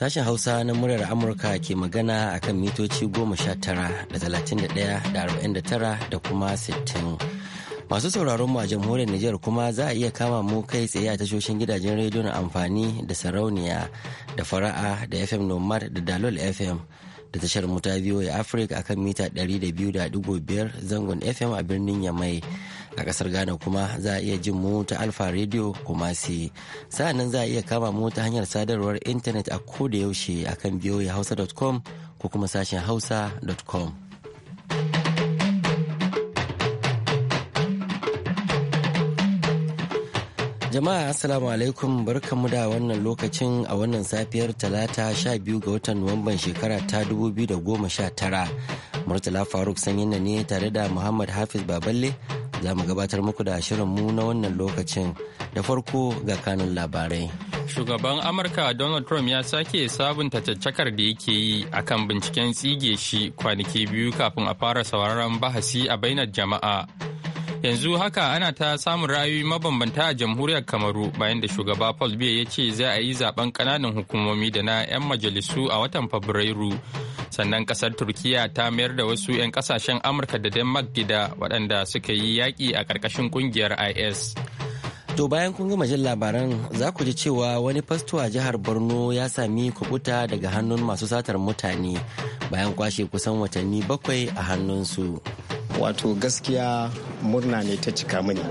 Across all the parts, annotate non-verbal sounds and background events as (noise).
Sashen Hausa na muryar Amurka ke magana a kan mitoci goma sha tara da talatin da ɗaya da arba'in da tara da kuma sittin. Masu sauraron mu a jamhuriyar Nijar kuma za a iya kama mu kai tsaye a tashoshin gidajen rediyon amfani da sarauniya da fara'a da FM Nomad da Dalol FM. da tashar mu ta VOA Africa kan mita 200.5 zangon FM a birnin Yamai a kasar ghana kuma za a iya jin mu ta alfa radio kuma si sa'annan za a iya kama mu ta hanyar sadarwar intanet a koda yaushe akan hausa.com ko kuma sashen hausa.com Jama'a Assalamu alaikum barkanmu da wannan lokacin a wannan safiyar talata 12 ga watan Nuwamban shekara ta 2019. Murtala Faruk sanyina ne tare da Muhammad Hafiz Baballe za mu gabatar muku da mu na wannan lokacin da farko ga kanun labarai. Shugaban Amurka Donald Trump ya sake sabunta caccakar da yake yi akan binciken tsige shi kwanaki biyu kafin a fara sauraron bahasi a bainar jama'a. Yanzu haka ana ta samun ra'ayoyi mabambanta a jamhuriyar Kamaru bayan da shugaba Paul Biya ya ce za a yi zaben ƙananan hukumomi da na 'yan majalisu a watan Fabrairu. sannan kasar turkiya ta mayar da wasu 'yan kasashen amurka da denmark gida waɗanda suka yi yaƙi a ƙarƙashin ƙungiyar is to bayan kun gama jin labaran za ku ji cewa wani fasto a jihar borno ya sami kubuta daga hannun masu satar mutane bayan kwashe kusan watanni bakwai a hannunsu wato gaskiya murna ne ta cika mini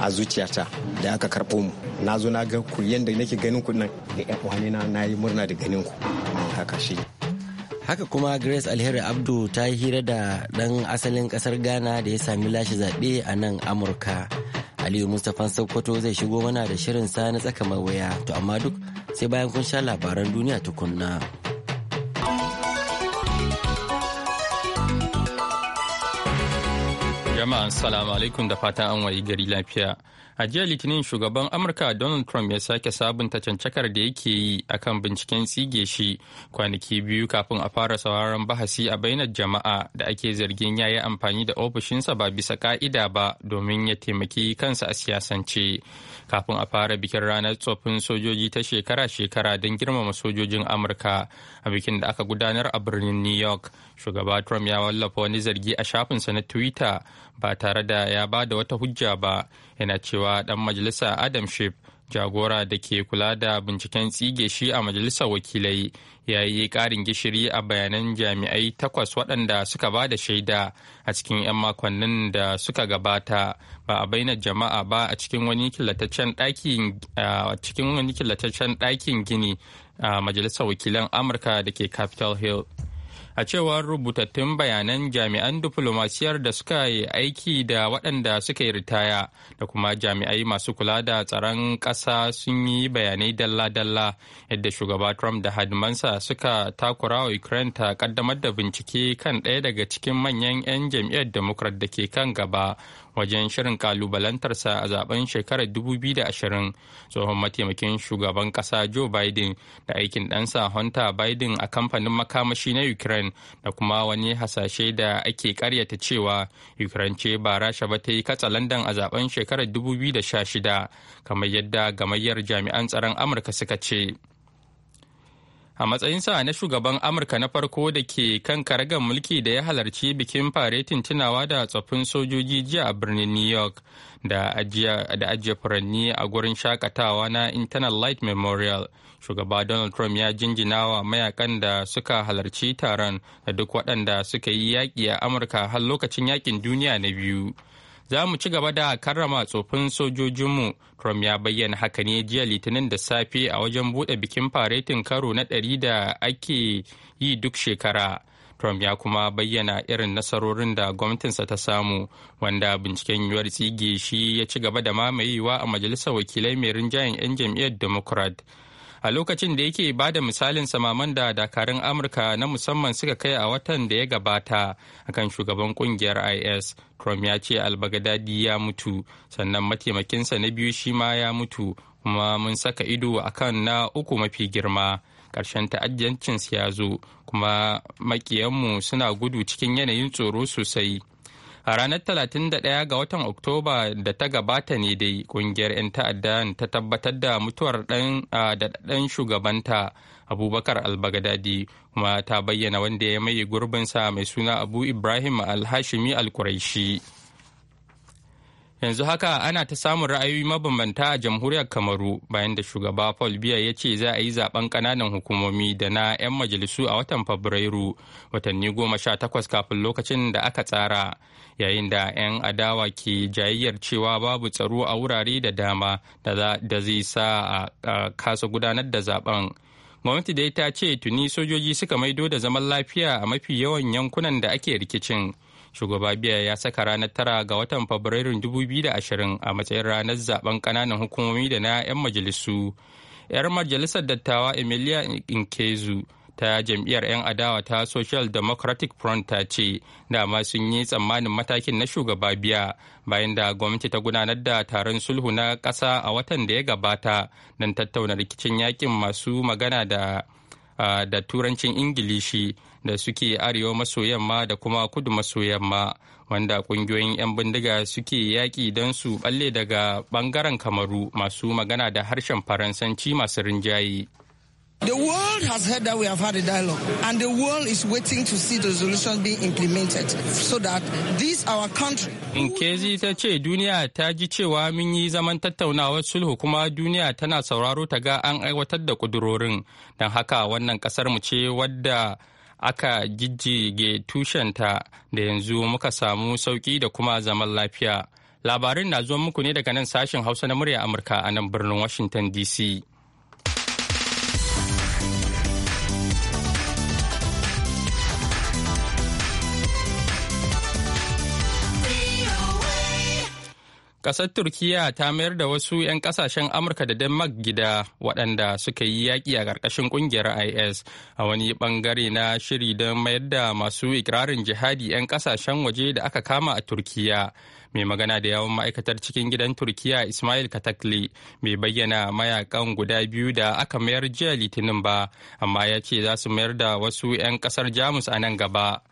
a zuciyata da aka karɓo mu na zo na ga ku yadda nake ganin ku nan da ƴan uwanina na yi murna da ganin ku haka shi haka kuma grace alheri abdu ta yi hira da dan asalin kasar ghana da ya sami lashe zaɓe a nan amurka aliyu mustapha sokoto zai shigo mana da shirin sa na tsaka mawaya to amma duk sai bayan kun sha labaran duniya tukunna. Jama'a assalamu alaikum da fatan an wayi gari lafiya. A jiya Litinin shugaban Amurka Donald Trump ya sake sabunta cancakar da yake yi akan binciken tsige shi kwanaki biyu kafin a fara sauraron bahasi a bainar jama'a da ake zargin ya yi amfani da ofishinsa ba bisa ka'ida ba domin ya taimaki kansa a siyasance. kafin a fara bikin ranar tsoffin sojoji ta shekara-shekara don girmama sojojin amurka a bikin da aka gudanar a birnin new york shugaba trump ya wallafa wani zargi a shafinsa na twitter ba tare da ya ba da wata hujja ba yana cewa dan majalisa adam Schiff jagora da ke kula da binciken tsige shi a majalisar wakilai ya yi ƙarin gishiri a bayanan jami'ai takwas waɗanda suka ba da shaida a cikin 'yan makonnin da suka gabata ba a bainar jama'a ba a cikin wani killataccen ɗakin gini a majalisar wakilan amurka da ke capitol hill a cewar rubutattun bayanan jami'an diflomasiyar da suka yi aiki da waɗanda suka yi ritaya da kuma jami'ai masu kula da tsaron ƙasa sun yi bayanai dalla-dalla yadda shugaba trump da hadimansa suka takura wa ukraine ta kaddamar da bincike kan ɗaya daga cikin manyan 'yan jam'iyyar democrat da ke kan gaba wajen shirin kalubalantarsa a zaben shekarar 2020 tsohon mataimakin shugaban kasa joe biden da aikin ɗansa hunter biden a kamfanin makamashi na ukraine da kuma wani hasashe da ake karyata cewa ukraine ce ba rasha ba ta yi katsa katsalandan a zaben shekarar 2016 kamar yadda gamayyar jami'an tsaron amurka suka ce. a matsayinsa na shugaban amurka na farko da ke kan karagar mulki da ya halarci bikin faretin tunawa da tsoffin sojoji jiya a birnin new york da ajiye furanni a gurin shakatawa na internal light memorial shugaba donald trump ya jinjina wa mayakan da suka halarci taron da duk waɗanda suka yi yaƙi a amurka har lokacin yaƙin duniya na biyu za mu ci gaba da karrama tsofin sojojinmu trump ya bayyana haka ne jiya litinin da safe a wajen buɗe bikin faretin karo na ɗari da ake yi duk shekara trump ya kuma bayyana irin nasarorin da gwamnatinsa ta samu wanda binciken yuwar tsige shi ya ci gaba da mamayewa a majalisar wakilai mai rinjayen 'yan jam'iyyar democrat a lokacin da yake ba da misalin samaman da dakarun amurka na musamman suka kai a watan da ya gabata akan shugaban kungiyar is trump ya ce albagadadi ya mutu sannan mataimakinsa na biyu shi ma ya mutu kuma mun saka ido a kan na uku mafi girma karshen ta'addancinsu ya zo kuma makiyanmu suna gudu cikin yanayin tsoro sosai A ranar 31 ga watan Oktoba da ta gabata ne dai kungiyar 'yan ta'adda ta tabbatar da mutuwar da shugabanta Abubakar Albagadadi kuma ta bayyana wanda ya maye gurbinsa mai suna Abu Ibrahim Alhashimi Alkuraishi. yanzu haka ana ta samun ra'ayoyi mabambanta a jamhuriyar kamaru bayan da shugaba paul biya ya ce za a yi zaben kananan hukumomi da na 'yan majalisu a watan fabrairu watanni goma sha takwas kafin lokacin da aka tsara yayin da 'yan adawa ke jayayyar cewa babu tsaro a wurare da dama da zai sa a kasa gudanar da zaben gwamnati dai ta ce tuni sojoji suka maido da zaman lafiya a mafi yawan yankunan da ake rikicin shugaba biya ya saka ranar tara ga watan fabrairun 2020 a matsayin ranar zaben kananan hukumomi da na 'yan majalisu 'yar majalisar dattawa emilia inkezu ta jam'iyyar 'yan adawa ta social democratic front ta ce dama sun yi tsammanin matakin na shugaba biya bayan da gwamnati ta gudanar da taron sulhu na ƙasa a watan da ya gabata don tattauna rikicin yakin masu magana da turancin ingilishi da suke arewa maso yamma da kuma kudu maso yamma wanda kungiyoyin 'yan bindiga suke yaƙi don su balle daga ɓangaren kamaru masu magana da harshen faransanci masu rinjaye. The world has heard that we have had a dialogue, and the world is waiting to see the resolution being implemented so that this our country. In ta ce duniya ta ji cewa mun yi zaman tattaunawar sulhu kuma duniya tana sauraro ta ga an aiwatar da kudurorin, don haka wannan kasar mu ce wadda aka jijjige tushenta da yanzu muka samu sauki da kuma zaman lafiya labarin na zuwa muku ne daga nan sashen hausa na murya amurka a nan birnin washington dc Ƙasar Turkiyya ta mayar da wasu 'yan ƙasashen Amurka da Denmark gida waɗanda suka yi yaƙi a ƙarƙashin ƙungiyar IS a wani ɓangare na shiri don mayar da masu ikirarin jihadi 'yan ƙasashen waje da aka kama a Turkiyya. Mai magana da yawon ma'aikatar cikin gidan Turkiyya Ismail Katakli mai bayyana mayakan guda biyu da aka mayar jiya Litinin ba, amma ya ce za su mayar da wasu 'yan ƙasar Jamus a nan gaba.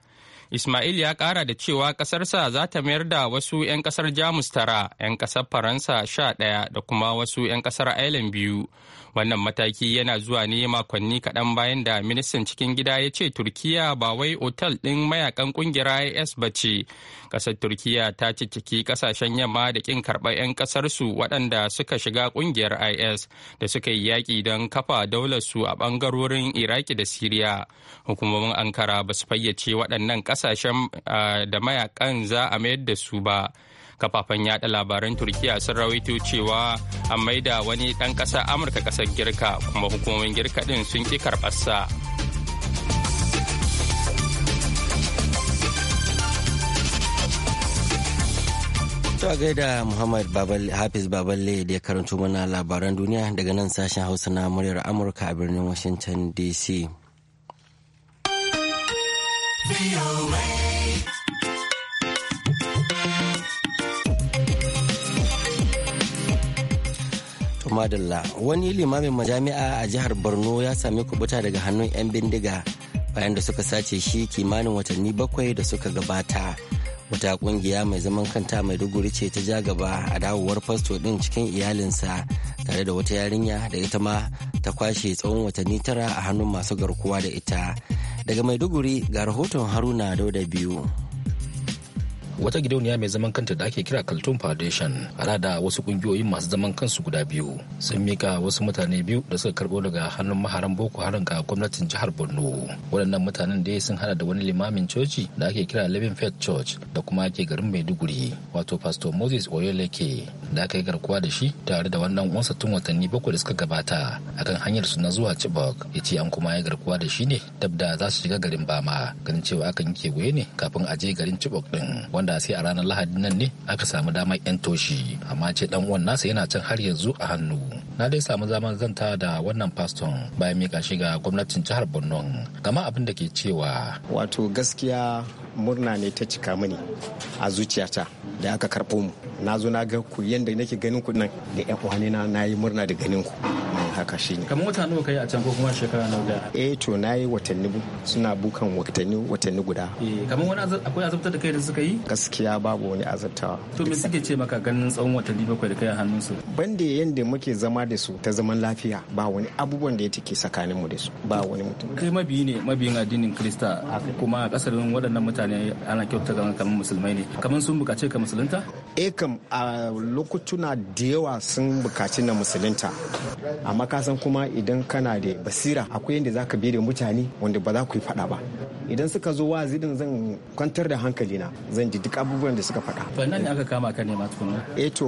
Ismail ya kara da cewa kasarsa za ta mayar da wasu 'yan kasar Jamus tara, 'yan kasar Faransa sha ɗaya da kuma wasu 'yan kasar Ireland biyu. wannan mataki yana zuwa ne makonni kaɗan bayan da ministan cikin gida ya ce turkiya ba wai otal ɗin mayakan ƙungiyar is ba ce ƙasar turkiya ta cikiki ƙasashen yamma da ƙin karɓar 'yan ƙasarsu waɗanda suka shiga ƙungiyar is da suka yi yaƙi don kafa daular su a ɓangarorin iraki da siriya hukumomin ankara ba su fayyace waɗannan ƙasashen eh, da mayakan za a mayar da su ba kafafen yada labaran turkiya sun rawaito cewa an maida wani ɗan ƙasa amurka kasar girka kuma hukumomin girka din sun ƙi karbarsa ta gaida Muhammad Hafiz Baballe da ya karanto mana labaran duniya daga nan sashen Hausa na muryar Amurka a birnin Washington DC. madalla wani limamin majami'a a jihar borno ya sami kubuta daga hannun 'yan bindiga bayan da suka sace shi kimanin watanni bakwai da suka gabata wata kungiya mai zaman kanta mai duguri ce ta ja gaba a dawowar fasto din cikin iyalinsa tare da wata yarinya da ita ma ta kwashe tsawon watanni tara a hannun masu garkuwa da ita daga maiduguri ga rahoton haruna dauda biyu wata gidauniya mai zaman kanta da ake kira Kaltun Foundation hada da wasu kungiyoyin masu zaman kansu guda biyu sun mika wasu mutane biyu da suka karbo daga hannun maharan Boko Haram ga gwamnatin jihar Borno. Waɗannan mutanen dai sun hada da wani limamin coci da ake kira Living Faith Church da kuma ake garin Maiduguri wato Pastor Moses Oyeleke da aka yi garkuwa da shi tare da wannan uwansa tun watanni bakwai da suka gabata akan hanyar su na zuwa Chibok ya ce an kuma yi garkuwa da shi ne dab da za su shiga garin Bama ganin cewa akan yi goye ne kafin a je garin Chibok din wanda da sai a ranar lahadi nan ne aka samu damar yan toshi amma ce dan uwan nasa yana can har yanzu a hannu na dai samu zaman zanta da wannan faston bayan mika shi ga gwamnatin jihar borno gama abin da ke cewa wato gaskiya murna ne ta cika mini a zuciyata da aka karɓo mu na zo na ga ku yadda nake ganin ku nan da yan uwane na na yi murna da ganin ku haka ne kamar wata nawa kai a can ko kuma shekara na da eh to na yi watanni suna bukan watanni watanni guda eh kamar wani akwai azabtar da kai da suka yi gaskiya babu wani azabtawa to me suke ce maka ganin tsawon watanni bakwai da kai a hannunsu banda yanda muke zama da su ta zaman lafiya ba wani abubuwan da ya take tsakaninmu da su ba wani mutum kai mabiyi ne mabiyin addinin krista kuma kasarin waɗannan mutane mutane ana kyauta kamar musulmai ne kamar sun bukace ka musulunta eh kam a lokutuna da yawa sun bukaci na musulunta amma kasan kuma idan kana da basira akwai yadda zaka bi da mutane wanda ba za ku yi fada ba idan suka zo wa zidin zan kwantar da hankali na zan ji duk abubuwan da suka faɗa wannan ne aka kama ka ne tukuna eh to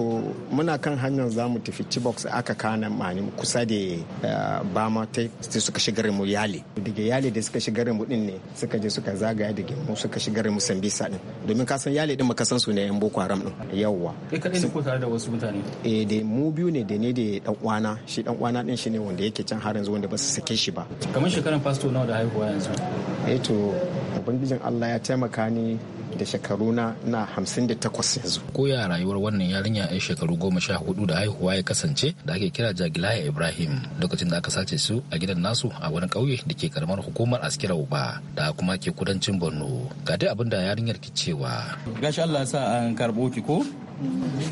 muna kan hanyar za mu tafi Chibok aka kana mani kusa da eh, Bama ta suka shigar mu Yale daga Yale da suka shigar mu din ne suka je suka zagaya da mu suka shigar mu Sambisa din domin ka san Yale din makasan su ne yan Boko Haram din yawwa eh kadai ne ko tare da wasu mutane eh da mu biyu ne da ne da dan uwana shi dan uwana din shi ne wanda yake can har yanzu wanda ba su sake shi ba kamar shekaran pastor nawa da haihuwa yanzu eh to ubangijin allah ya taimaka ni da shekaru na hamsin da takwas yanzu. Ko rayuwar wannan yarinya ya shekaru goma sha hudu da haihuwa ya kasance da ake kira Jagilaya Ibrahim lokacin da aka sace su a gidan nasu a wani ƙauye da ke karamar hukumar Askira Uba da kuma ke kudancin Borno. Ga dai abin da yarinyar ke cewa. Gashi Allah sa an karɓo ki ko?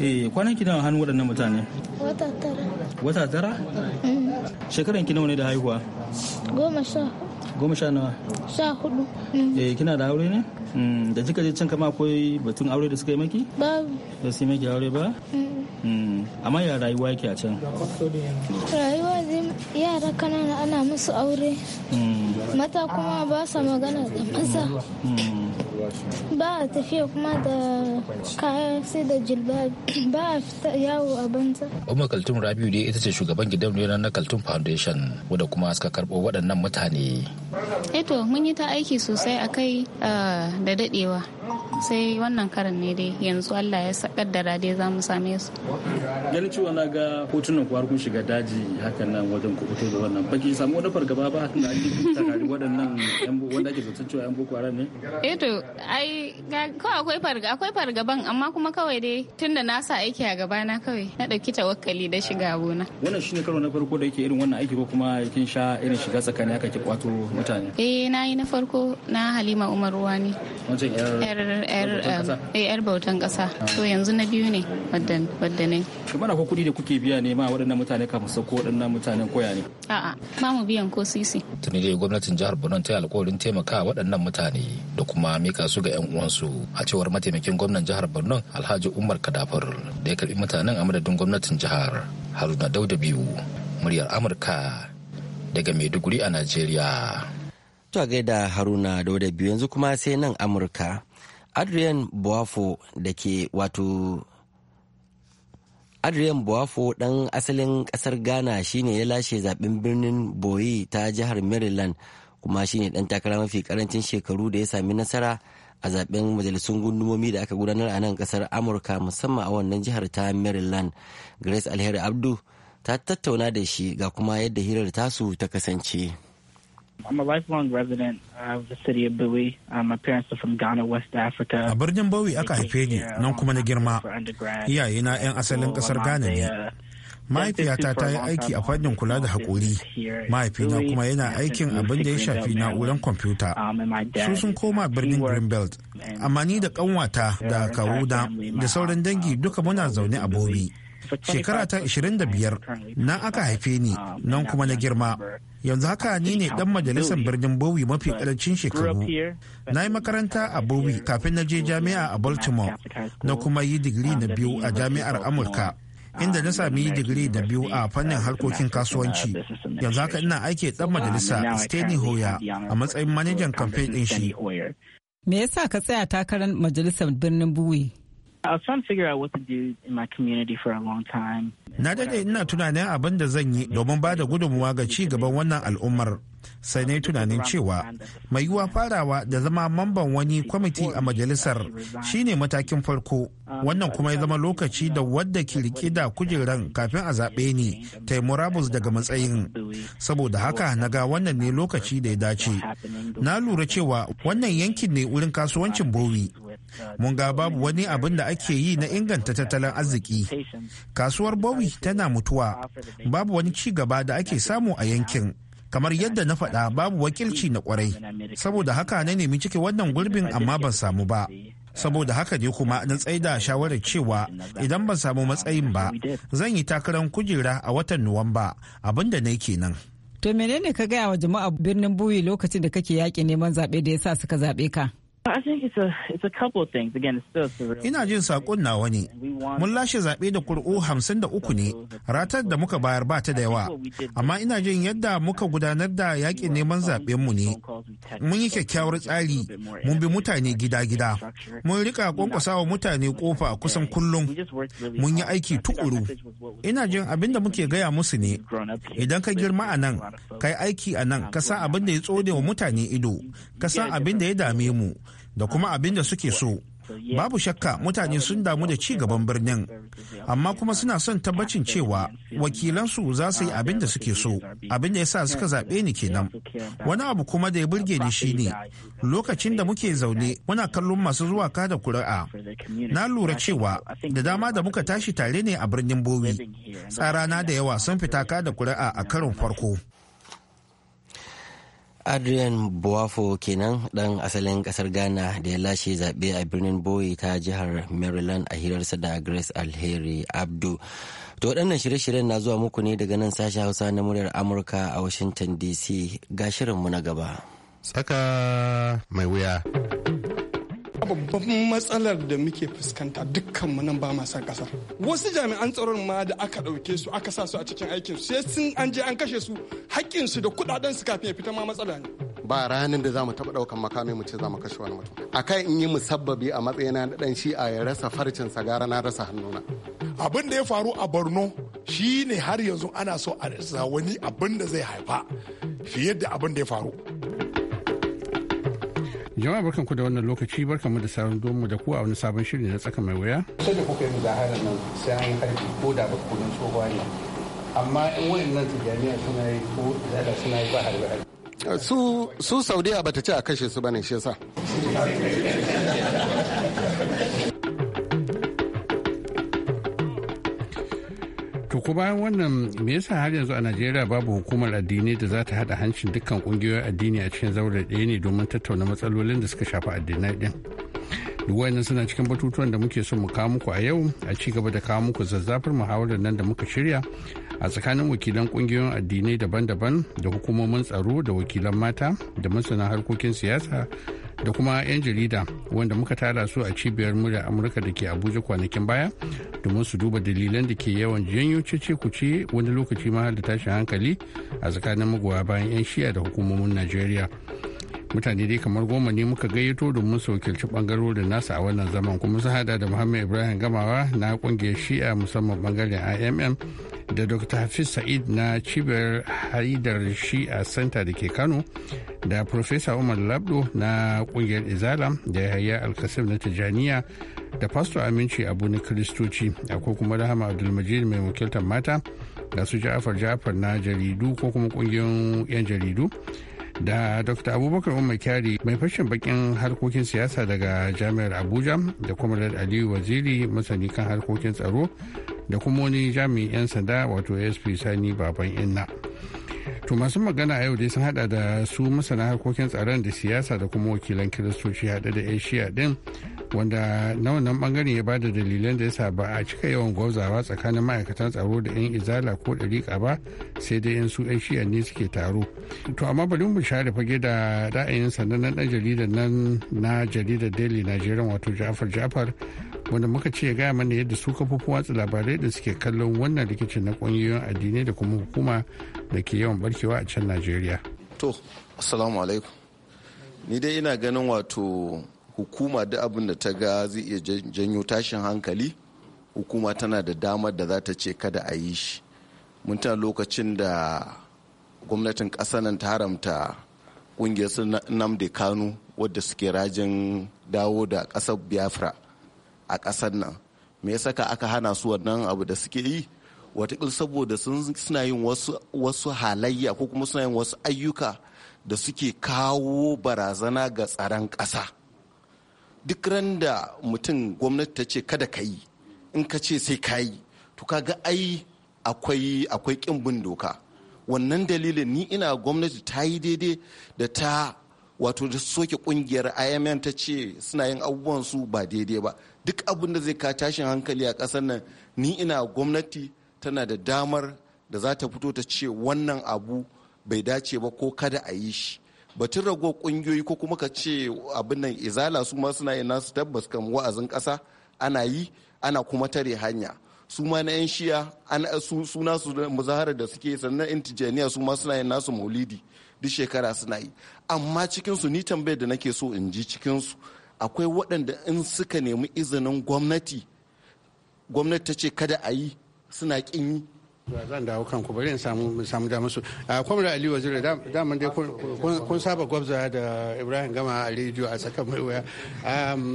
Eh kwanan ki nawa hannu waɗannan mutane? Wata tara. Wata tara? Mm. Shekaran ki nawa ne da haihuwa? Goma sha goma sha nawa sha hudu eh kina da aure ne mm, da kika je can kama akwai batun aure da suka yi maki Ba. da su yi maki aure ba mm, amma ya rayuwa yake a can rayuwa zai yara kanana ana musu aure mm. mata kuma ba sa magana da maza ba a tafiya kuma da kaya sai da jilba ba a fita yawo a banza umar kaltun rabiu dai ita ce shugaban gidan na kaltun foundation wadda kuma suka karbo waɗannan mutane eto eh mun yi ta aiki sosai a kai ah, da dadewa. sai wannan karin ne dai yanzu Allah ya da rade za mu same su ganin cewa na ga hotunan kuwa kun shiga daji hakan nan wajen ku fito da wannan baki samu wani fargaba ba da ake tarari waɗannan yan wanda ake zaton cewa yan boko haram ne eh to ai kawai akwai farga akwai fargaban amma kuma kawai dai tunda na sa aiki a gaba na kawai na dauki tawakkali da shiga gona wannan shine karo na farko da yake irin wannan aiki ko kuma kin sha irin shiga tsakani aka ki kwato mutane eh na yi na farko na Halima Umar Wani wancan yar Um, eh, yar bautan kasa to yanzu na biyu ne wadda ne kamar akwai kuɗi da kuke biya ne ma waɗannan mutane kafin sauko waɗannan mutanen koya ne a'a ma mu biyan ko sisi tuni dai gwamnatin jihar Borno ta yi alkawarin taimaka waɗannan mutane da kuma mika su ga yan uwansu a cewar mataimakin gwamnan jihar Borno Alhaji Umar Kadafur da ya karbi mutanen a madadin gwamnatin jihar Haruna Dauda biyu muryar Amurka daga Maiduguri a Najeriya. To gaida Haruna Dauda biyu yanzu kuma sai nan Amurka. adrian buafo da ke wato adrian buafo ɗan asalin ƙasar ghana shine ya lashe zaɓen birnin boye ta jihar maryland kuma shine ɗan takara mafi karancin shekaru da ya sami nasara a zaɓen majalisun gundumomi da aka gudanar a nan ƙasar amurka musamman a wannan jihar ta maryland grace alheri abdu ta tattauna da shi ga kuma yadda hirar tasu ta kasance. I'm a lifelong resident of the city of Bowie. Um, my parents are from Ghana, West Africa. A birnin Bowie aka haife ni nan kuma na girma. Iyayena 'yan asalin ƙasar Ghana ne. Uh, Mahaifiyata ta yi aiki a fannin kula da haƙori. Mahaifina kuma yana aikin abin da ya shafi na'urar kwamfuta. Um, Su sun koma uh, birnin Greenbelt. Amma ni da ƙanwata da kawuna da sauran dangi um, duka muna zaune a Bowie. Shekara ta 25 Na aka haife ni nan kuma na girma. yanzu haka ni ne dan majalisar birnin bowie mafi karancin shekaru na yi makaranta a bowie kafin na je jami'a a baltimore na kuma yi digiri na biyu a jami'ar amurka inda na sami yi digiri da biyu a fannin harkokin kasuwanci yanzu haka ina aiki dan majalisa steny hoya a matsayin manajan kamfe din shi me yasa ka tsaya takarar majalisar birnin bowie I was trying to figure out what to do in my community for a long time. Na dade ina tunanin abin da zan yi domin ba da gudunmuwa ga ci gaban wannan al'ummar. sai na yi tunanin cewa mai yiwuwa farawa da zama mamban wani kwamiti a majalisar shine matakin farko wannan kuma ya zama lokaci da wadda ke rike da kujeran kafin a zaɓe ni ta yi murabus daga matsayin saboda haka na ga wannan ne lokaci da ya dace na lura cewa wannan yankin ne wurin kasuwancin bowi mun ga babu wani abin da ake yi na inganta tattalin arziki kasuwar bowi tana mutuwa babu wani ci gaba da ake samu a yankin kamar yadda na faɗa babu wakilci na kwarai saboda haka na nemi cike wannan gurbin amma ban samu ba saboda haka ne kuma na tsaida shawarar cewa idan ban samu matsayin ba zan yi takarar kujera a watan nuwamba abinda na kenan to menene ka gaya wa jama'a birnin buyi lokacin da kake yaƙi neman zaɓe da ya sa suka zaɓe ka Ina jin saƙon nawa ne. Mun lashe zaɓe da ƙuri'u hamsin da uku ne, ratar da muka bayar ba ta da yawa. Amma ina jin yadda muka gudanar da yaƙin neman mu ne. Mun yi kyakkyawar tsari, mun bi mutane gida-gida. Mun rika ƙwanƙwasa wa mutane ƙofa kusan kullum. Mun yi aiki tuƙuru. Ina jin abin da muke gaya musu ne. Idan ka girma a nan, ka yi aiki a nan, ka san abin da ya tsode wa mutane ido, ka san abin da ya dame mu. da kuma abin da suke so babu shakka mutane sun damu da ci gaban birnin amma kuma suna son tabbacin cewa wakilansu za su yi abin da suke so abin da ya sa suka zaɓe ni kenan wani abu kuma da ya burge ni shine lokacin da muke zaune muna kallon masu zuwa kada kuri'a na lura cewa da dama da muka tashi tare ne a birnin bowi tsarana da yawa sun fita kada kuri'a a karin farko adrian buafo kenan dan asalin kasar ghana da ya lashe zaɓe a birnin boye ta jihar maryland a hirarsa da grace alheri abdu to waɗannan shirye-shiryen na zuwa muku ne daga nan sashi hausa na muryar amurka a washington dc ga shirinmu na gaba saka mai wuya babban matsalar da muke fuskanta dukkan mu nan ba ma san kasa wasu jami'an tsaron ma da aka ɗauke su aka sa su a cikin aikin sai sun an je an kashe su hakkin su da kuɗaɗen su kafin ya fita ma matsala ne ba ranar da zamu taba daukan ɗaukan makami mu ce za kashe wani mutum a in yi musabbabi a matsayina na ɗan shi a ya rasa farcin gara na rasa hannuna abin da ya faru a borno shine har yanzu ana so a rasa wani abin da zai haifa fiye da abin da ya faru jama'a barkan ku da wannan lokaci barkan mu da sauran domin da ku a wani sabon shiri na tsaka mai wuya sai da kuka yi zaharar nan sai an yi harbi ko da ba kudin tsohuwa ne amma in wayannan jami'a suna yi ko da suna yi ba harbi su su saudiya bata ce a kashe su bane shi yasa ko bayan wannan me yasa har yanzu a Najeriya babu hukumar addini da za ta haɗa hancin dukkan ƙungiyoyin addini a cikin zaure ɗaya ne domin tattauna matsalolin da suka shafi addinai ɗin. Duk wayannan suna cikin batutuwan da muke son mu kawo muku a yau a ci gaba da kawo muku zazzafar muhawarar nan da muka shirya a tsakanin wakilan kungiyoyin addinai daban-daban da hukumomin tsaro da wakilan mata da masana harkokin siyasa da kuma 'yan jarida wanda muka tara su a cibiyar murya amurka da ke abuja kwanakin baya domin su duba dalilan da ke yawan janyo cece kuce wani lokaci ma da tashin hankali a tsakanin magoya bayan 'yan shiya da hukumomin najeriya mutane dai kamar goma ne muka gayyato domin su wakilci bangarorin nasa a wannan zaman kuma sun hada da muhammad ibrahim gamawa na kungiyar shi'a musamman bangaren imm da dr hafiz sa'id na cibiyar haidar shi'a santa da ke kano da professor umar labdo na kungiyar izala da yahaya alkasim na tijaniya da pastor aminci abu na kiristoci akwai kuma rahama abdulmajid mai wakiltar mata da su ja'afar ja'afar na jaridu ko kuma kungiyoyin 'yan jaridu da dr abubakar umar kyari mai fashin bakin harkokin siyasa daga jami'ar abuja da kuma aliyu waziri masani kan harkokin tsaro da kuma wani jami'in 'yan sanda wato sp sani baban inna to masu magana a yau dai sun hada da su masana harkokin tsaron da siyasa da kuma wakilan kiristoci hada da asia din wanda na wannan bangaren ya bada dalilan da yasa ba a cika yawan gwauzawa tsakanin ma'aikatan tsaro da 'yan izala ko dariƙa ba sai dai 'yan su 'yan shiya ne suke taro to amma bari mu share fage da ra'ayin sanannen dan jaridar nan na jaridar daily nigerian wato jafar jafar wanda muka ce ya gaya mana yadda su kafofin watsa labarai da suke kallon wannan rikici na kungiyoyin addini da kuma hukuma da ke yawan barkewa a can najeriya to assalamu alaikum ni dai ina ganin wato hukuma da abin da ta ga zai iya janyo tashin hankali hukuma tana da damar da za ta ce kada a yi shi mun tana lokacin da gwamnatin ƙasa nan ta haramta ƙungiyar su namde kanu wadda suke rajin dawo da ƙasar biafra a ƙasar nan me ya saka aka hana su wannan abu da suke yi watakil saboda suna yin wasu halayya ko kuma suna yin wasu ayyuka da suke kawo barazana ga tsaron ƙasa duk ran da mutum gwamnati ta ce kada ka yi in ka ce sai ka yi to kaga ai akwai akwai kin bin doka wannan dalilin ni ina gwamnati ta yi daidai da ta wato da soke kungiyar imn ta ce suna yin abubuwan su ba daidai ba duk abin da zai ka tashin hankali a ƙasar nan ni ina gwamnati tana da damar da za ta fito ta ce wannan abu bai dace ba ko kada a yi shi batun rago kungiyoyi ko kuma ka ce abin nan izala su ma suna yin nasu tabbas kan wa'azin ƙasa ana yi ana kuma tare hanya su ma na 'yan shiya suna su muzahara da suke sannan intijaniya su ma suna yin nasu maulidi duk shekara suna yi amma cikinsu ni tambayar da nake so in ji cikinsu akwai waɗanda in suka nemi izinin gwamnati gwamnati ta ce kada a yi suna ƙin yi zan dawo kanku bari in samu samu da musu a ah, kwamra ali waziri daman dai kun saba gwabza da ibrahim gama a rediyo a saka mai waya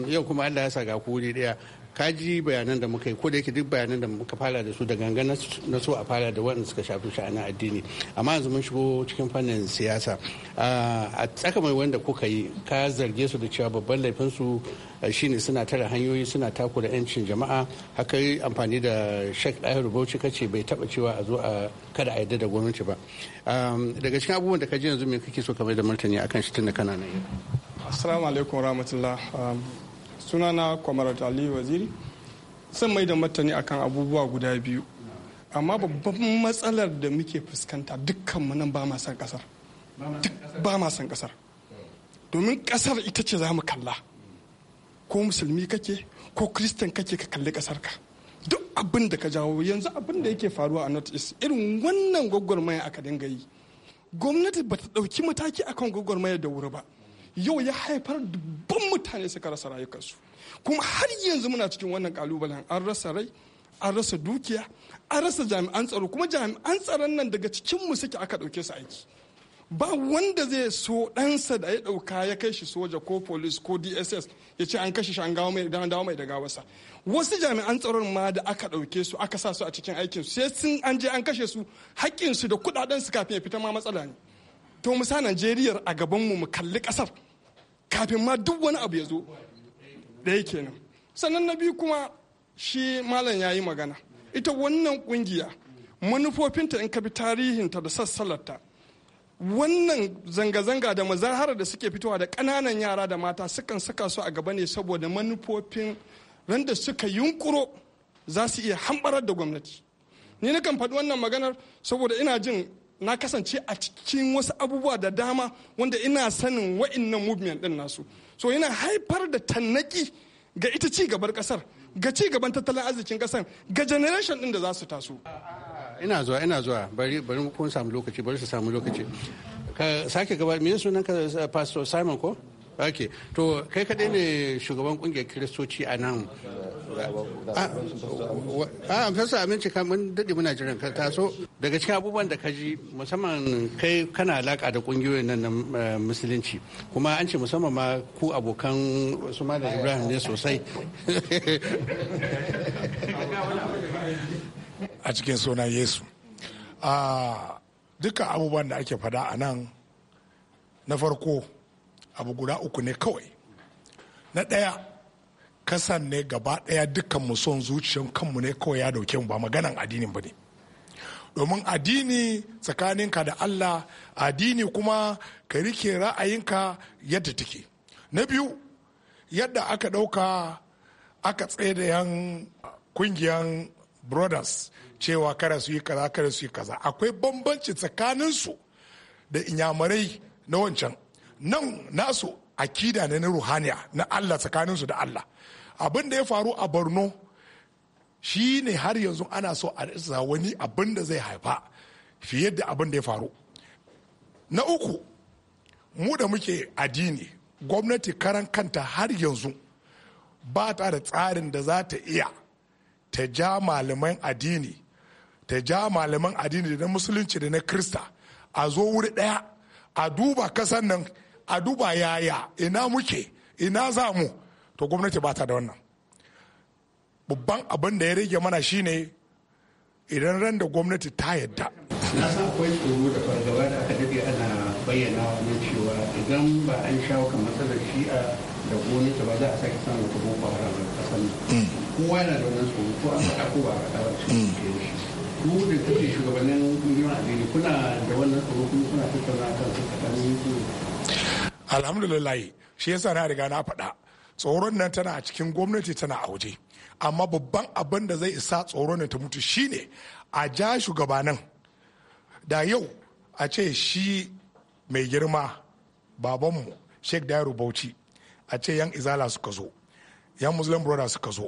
yau kuma allah ya saga ku wuri daya kaji bayanan da muka yi ko da yake duk bayanan da muka fara da su da gangan na so a fara da waɗanda suka shafi sha'anin addini amma yanzu mun shigo cikin fannin siyasa a tsaka mai wanda kuka yi ka zarge su da cewa babban laifin su eh, shine suna tara hanyoyi suna takura 'yancin jama'a haka yi amfani da shek ɗaya rubauci kace bai taba cewa a zo a kada a yadda da gwamnati ba daga cikin abubuwan da ka ji yanzu me kake so ka mai da martani akan shi tun da kana nan assalamu alaikum rahmatullah sunana kwamar ali waziri sun mai da martani akan abubuwa guda biyu amma babban matsalar da muke fuskanta dukkan mu nan ba ma san kasar ba ma san kasar domin kasar ita ce za mu kalla ko musulmi kake ko kristan kake ka kalli kasar ka duk abin da ka jawo yanzu abin da yake faruwa a north east irin wannan gwagwarmaya aka dinga yi gwamnati ba ta ɗauki mataki akan gwagwarmaya da wuri ba yau ya haifar dubban mutane suka rasa rayukansu kuma har yanzu muna cikin wannan kalubalen an rasa rai an rasa dukiya an rasa jami'an tsaro kuma jami'an tsaron nan daga cikin mu suke aka dauke su aiki ba wanda zai so ɗansa da ya dauka ya kai shi soja ko polis ko dss ya ce an kashe shi an gawo mai dawo mai da gawarsa wasu jami'an tsaron ma da aka ɗauke su aka sa su a cikin aikin su sai sun an je an kashe su hakkin su da kuɗaɗen su kafin ya fita ma matsala ne to musa sa najeriya a gaban mu mu kalli ƙasar kafin ma duk wani abu ya zo ɗaya kenan sannan na biyu kuma shi malam ya yi magana ita wannan ƙungiya manufofinta in ka bi tarihinta da sassalarta wannan zanga-zanga da mazahara da suke fitowa da ƙananan yara da mata sukan saka su a gaba ne saboda manufofin randa suka yunkuro za su iya hambarar da gwamnati ni nakan faɗi wannan maganar saboda ina jin na kasance a cikin wasu abubuwa da dama wanda ina sanin wa'innan movement din nasu so yana haifar da tannaki ga ita ci gabar kasar ga ci gaban tattalin arzikin kasar ga generation din da za su taso ina zuwa ina zuwa bari bari mu kun samu lokaci bari su samu lokaci ka sake gaba me sunan ka eh, pastor Simon ko okay to kai kadai ne shugaban ƙungiyar kiristoci a nan a ah, ah, kan sa aminci mun daɗe muna jiran ka taso daga cikin abubuwan da ka ji musamman kai kana alaka da kungiyoyin nan na eh, musulunci kuma an ce musamman ma ku abokan su da ibrahim ne sosai a cikin sunan yesu a ah, duka abubuwan da ake fada a nan na farko abu guda uku ne kawai na ɗaya kasan ne gaba daya dukkan mu son zuciyar kanmu ne kawai ya dauke mu ba maganan addinin ba ne domin addini tsakaninka da allah addini kuma ka rike ra'ayinka yadda take na biyu yadda aka ɗauka aka tsaye da yan kungiyan brothers cewa kada su yi kaza kada su yi kaza akwai bambanci tsakaninsu da inyamurai na wancan nan nasu akida ne na ruhaniya na allah tsakaninsu da allah abin da ya faru a borno shi ne har yanzu ana so a isa wani abin da zai haifa fiye da abin da ya faru na uku mu da muke addini gwamnati karan kanta har yanzu ba ta da tsarin da za ta iya ta ja malaman addini ta ja malaman addini da na musulunci da na krista a zo wuri ɗaya a duba kasan nan a duba yaya ina muke ina za mu to gwamnati ba ta da wannan babban abin da ya rage mana shine idan ran da gwamnati ta yadda na san akwai tsoro da fargaba da aka daɗe ana bayyana na cewa idan ba an shawo kan matsalar shi'a da gwamnati ba za a sake samun wata boko haram a ƙasar mm. kowa yana da wannan tsoro ko an faɗa ko ba a faɗa ba cikin mm. shi ku da kuke shugabannin kungiyoyin addini kuna da wannan tsoro kuma kuna tattauna kan su tsakanin su alhamdulillah shi yasa na riga na faɗa tsoron nan tana a cikin gwamnati tana a waje amma babban abin da zai isa tsoron ta mutu shine a ja shugabanin da yau a ce shi mai girma babanmu sheikh dairu bauchi a ce yan izala suka zo yan muslim brothers suka zo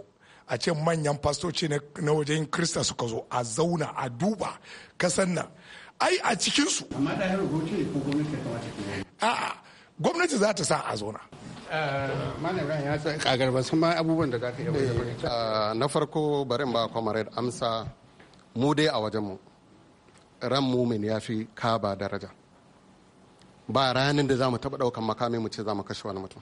a ce manyan fastoci na wajen krista suka zo a zauna a duba kasan nan ai a cikinsu a'a gwamnati za ta sa a zauna Eh, Malam ya ba san eh, eh, Na farko bari in ba comrade amsa mu dai a wajen ran mumin ya fi kaba daraja. Ba ranar da za mu taɓa ɗaukan makami mu ce za mu kashe wani mutum.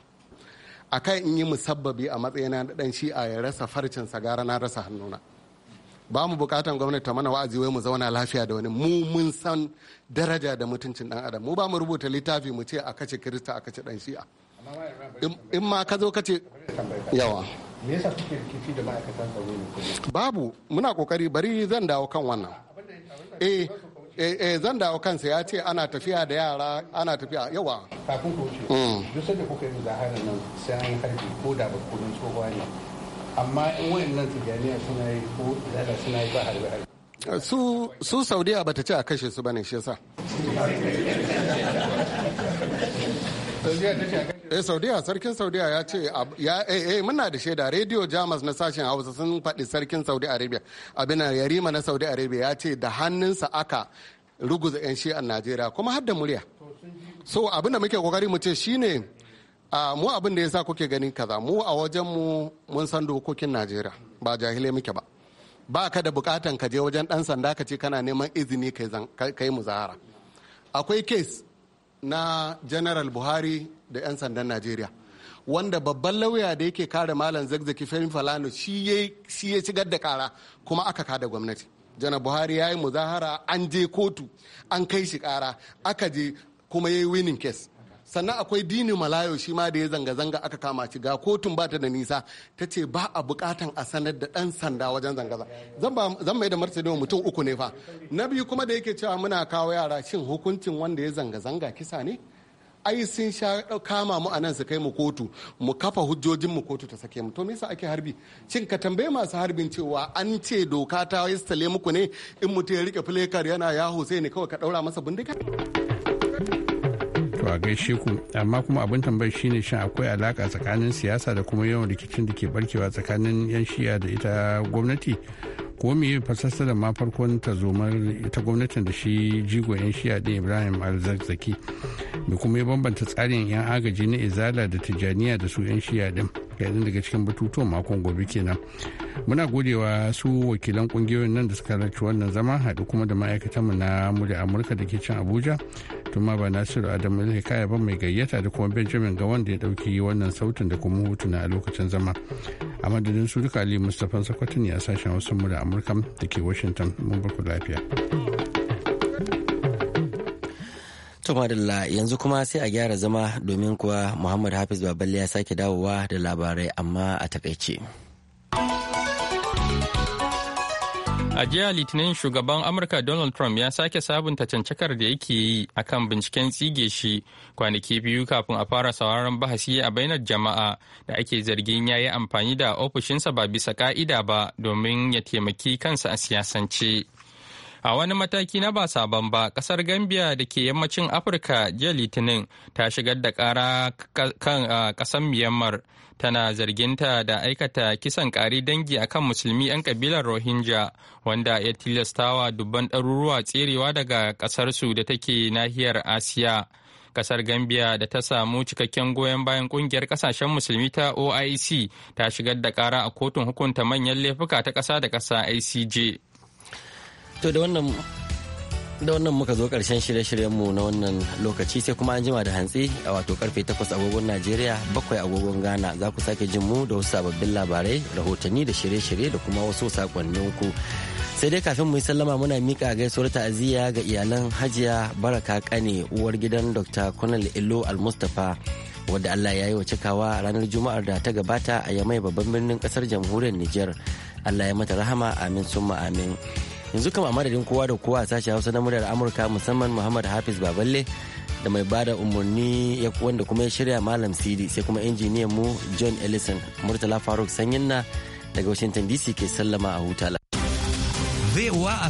a kai in yi musabbabi a matsayin na dan shi ya rasa farcin gara na rasa hannuna ba mu bukatan gwamnati ta mana wa'azi wai mu zauna lafiya da wani mu mun san daraja da mutuncin ɗan adam mu ba mu rubuta littafi mu ce a kashe kirista a kashe dan shi'a in ma ka zo ka ce yawa me yasa kuke rikici da ma'aikatan tsaro ne babu muna kokari bari zan dawo kan wannan eh, eh eh zan dawo kansa ya ce ana tafiya da yara ana tafiya yawa kafin ko ce, mm. duk sanda kuka yi zaharar nan sai an yi harbi ko da ba kudin tsohuwa ne amma in wayan wayannan tijaniya suna yi ko zala suna yi ba harbi su su saudiya ta ce a kashe su bane shi yasa (laughs) Eh, Saudiya sarkin Saudiya ya ce ya eh, eh muna da shaida Radio Jamus na sashen Hausa sun faɗi sarkin Saudi Arabia abin Yarima na Saudi Arabia ya ce da hannunsa aka ruguza 'yan shi'an Najeriya kuma har da murya. So abin da muke kokari mu ce shine mu abin da yasa kuke ganin kaza mu a wajen mu mun san dokokin Najeriya ba jahilai muke ba. Ba ka da bukatan ka je wajen dan sanda ka ce kana neman izini kai muzahara. Akwai kes na general buhari da 'yan sandan najeriya wanda babban lauya da yake kare malam zagzaki fahim falano shi ya shigar da kara kuma aka kada gwamnati janar buhari ya yi muzahara an je kotu an kai shi kara aka je kuma ya yi winning case sannan akwai dini malayo shi ma da ya zanga-zanga aka kama shi ga kotun ba ta da nisa ta ce ba a bukatan a sanar da dan sanda wajen zanga-zanga zan mai da martani wa mutum uku ne fa na biyu kuma da yake cewa muna kawo yara shin hukuncin wanda ya zanga-zanga kisa ne ai sun sha kama mu a nan su kai mu kotu mu kafa hujjojin mu kotu ta sake mu to me yasa ake harbi shin ka tambaye masu harbin cewa an ce doka ta yi muku ne in mutum ya rike filekar yana yaho sai ne kawai ka daura masa bindiga ba gaishe ku amma kuma abin tambayar shine shin akwai alaka tsakanin siyasa da kuma yawan rikicin da ke barkewa tsakanin yan shi'a da ita gwamnati ko me fasasta da ma farkon ta zomar ta gwamnatin da shi jigo yan shiya din ibrahim alzazzaki da kuma ya bambanta tsarin yan agaji na izala da tijaniya da su yan shiya din yanzu daga cikin batutuwa makon gobe kenan muna godewa su wakilan kungiyoyin nan da suka halarci wannan zama haɗu kuma da mu na da amurka da ke can abuja tuma ba nasiru adamu ilhi kaya ba mai gayyata da kuma benjamin ga wanda ya ɗauki wannan sautin da kuma hotuna a lokacin zama a madadin su duka ali mustapha sakwatin ya sashen wasu mu da amurka da ke washington mun baku lafiya to yanzu kuma sai a gyara zama domin kuwa muhammad hafiz baballe ya sake dawowa da labarai amma a takaice. A jiya Litinin shugaban Amurka Donald Trump ya sake sabunta cancakar da yake yi akan binciken tsige shi kwanaki biyu kafin a fara sauraron bahasi a bainar jama'a da ake zargin ya yi amfani da ofishinsa ba bisa ka'ida ba domin ya taimaki kansa a siyasance. A wani mataki na ba sabon ba, kasar Gambia da ke yammacin Afirka jiya Litinin ta shigar da kara kan kasar Myanmar tana zarginta da aikata kisan kari dangi akan musulmi 'yan kabilar Rohingya wanda ya tilastawa dubban ɗaruruwa tserewa daga ƙasarsu da take nahiyar Asiya. kasar gambia da ta samu cikakken goyon bayan kungiyar kasashen musulmi ta oic ta shigar da kara a kotun hukunta manyan laifuka ta ƙasa da ƙasa icj to da wannan da wannan muka zo karshen shirye-shiryenmu na wannan lokaci sai kuma an jima da hantsi a wato karfe 8 agogon najeriya bakwai agogon ghana za ku sake jin mu da wasu sababbin labarai rahotanni da shirye-shirye da kuma wasu sakonnin ku sai dai kafin mu yi sallama muna mika gaisuwar ta'aziyya ga iyalan hajiya baraka kane uwar gidan dr kunal al-Mustapha wadda Allah ya yi wa cikawa ranar Juma'ar da ta gabata a Yamai babban birnin kasar jamhuriyar Nijar. Allah ya mata rahama amin summa amin. yanzu kama madadin kowa da kowa a sashen hausa na muryar amurka musamman muhammad hafiz baballe da mai bada umarni wanda kuma ya shirya malam cd sai kuma injiniyan mu john ellison murtala faruk sanyin na daga washington dc ke sallama a hutala